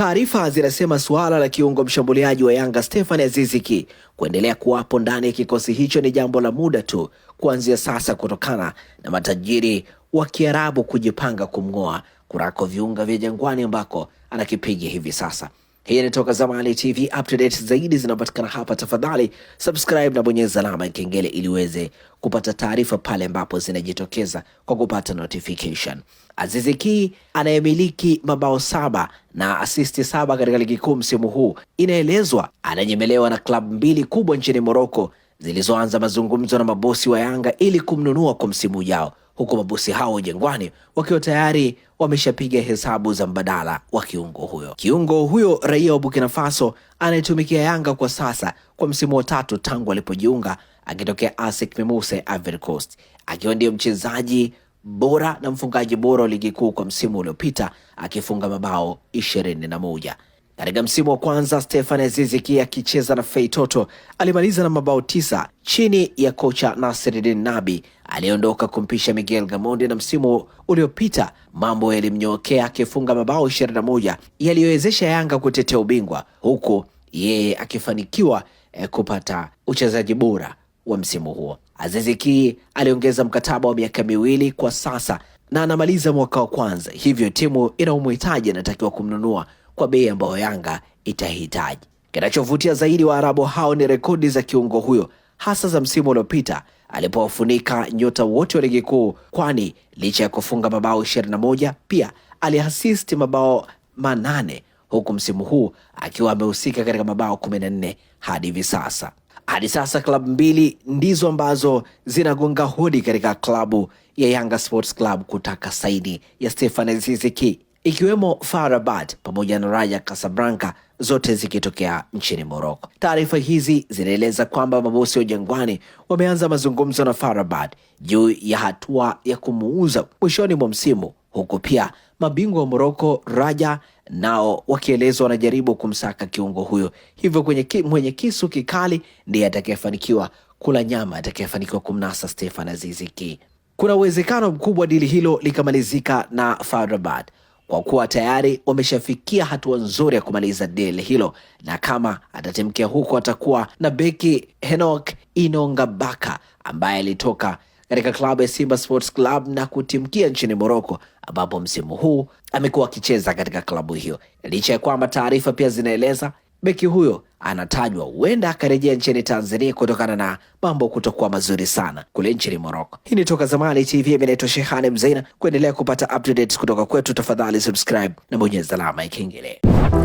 Taarifa zinasema suala la kiungo mshambuliaji wa Yanga Stefan Aziziki kuendelea kuwapo ndani ya kikosi hicho ni jambo la muda tu kuanzia sasa, kutokana na matajiri wa Kiarabu kujipanga kumng'oa kurako viunga vya Jangwani ambako anakipiga hivi sasa. Hii inatoka Zamani TV, up to date zaidi zinapatikana hapa. Tafadhali subscribe na bonyeza alama ya kengele ili uweze kupata taarifa pale ambapo zinajitokeza kwa kupata notification. Azizi Ki anayemiliki mabao saba na asisti saba katika ligi kuu msimu huu, inaelezwa ananyemelewa na klabu mbili kubwa nchini Morocco zilizoanza mazungumzo na mabosi wa Yanga ili kumnunua kwa msimu ujao huku mabosi hao Jangwani wakiwa tayari wameshapiga hesabu za mbadala wa kiungo huyo. Kiungo huyo raia wa Burkina Faso anayetumikia Yanga kwa sasa kwa msimu wa tatu tangu alipojiunga akitokea ASEC Mimosas Ivory Coast, akiwa ndiyo mchezaji bora na mfungaji bora wa ligi kuu kwa msimu uliopita akifunga mabao ishirini na moja. Katika msimu wa kwanza Stefan Aziziki akicheza na Fei Toto alimaliza na mabao tisa chini ya kocha Nasiruddin Nabi aliyeondoka kumpisha Miguel Gamonde, na msimu uliopita mambo yalimnyookea akifunga mabao 21 yaliyowezesha Yanga kutetea ubingwa huku yeye akifanikiwa eh, kupata uchezaji bora wa msimu huo. Aziziki aliongeza mkataba wa miaka miwili kwa sasa na anamaliza mwaka wa kwanza, hivyo timu inayomuhitaji anatakiwa kumnunua kwa bei ambayo Yanga itahitaji. Kinachovutia zaidi Waarabu hao ni rekodi za kiungo huyo hasa za msimu uliopita alipowafunika nyota wote wa ligi kuu, kwani licha ya kufunga mabao 21 pia aliasisti mabao manane huku msimu huu akiwa amehusika katika mabao 14 hadi hivi sasa. Hadi sasa klabu mbili ndizo ambazo zinagonga hodi katika klabu ya Yanga Sports Club kutaka saini ya Stefan Ziziki ikiwemo Far Rabat pamoja na Raja Casablanca, zote zikitokea nchini Morocco. Taarifa hizi zinaeleza kwamba mabosi wa Jangwani wameanza mazungumzo na Far Rabat juu ya hatua ya kumuuza mwishoni mwa msimu, huku pia mabingwa wa Morocco Raja nao wakielezwa wanajaribu kumsaka kiungo huyo, hivyo ki, mwenye kisu kikali ndiye atakayefanikiwa kula nyama, atakayefanikiwa kumnasa Stefan Aziziki. Kuna uwezekano mkubwa dili hilo likamalizika na Far Rabat kwa kuwa tayari wameshafikia hatua nzuri ya kumaliza dili hilo, na kama atatemkea huko atakuwa na beki Henok Inongabaka ambaye alitoka katika klabu ya Simba Sports Club na kutimkia nchini Morocco ambapo msimu huu amekuwa akicheza katika klabu hiyo, licha ya kwamba taarifa pia zinaeleza beki huyo anatajwa huenda akarejea nchini Tanzania kutokana na mambo kutokuwa mazuri sana kule nchini Morocco. Hii ni Toka Zamani TV, imenaitwa Shehane mzeina Kuendelea kupata updates kutoka kwetu, tafadhali subscribe na bonyeza alama ya kengele.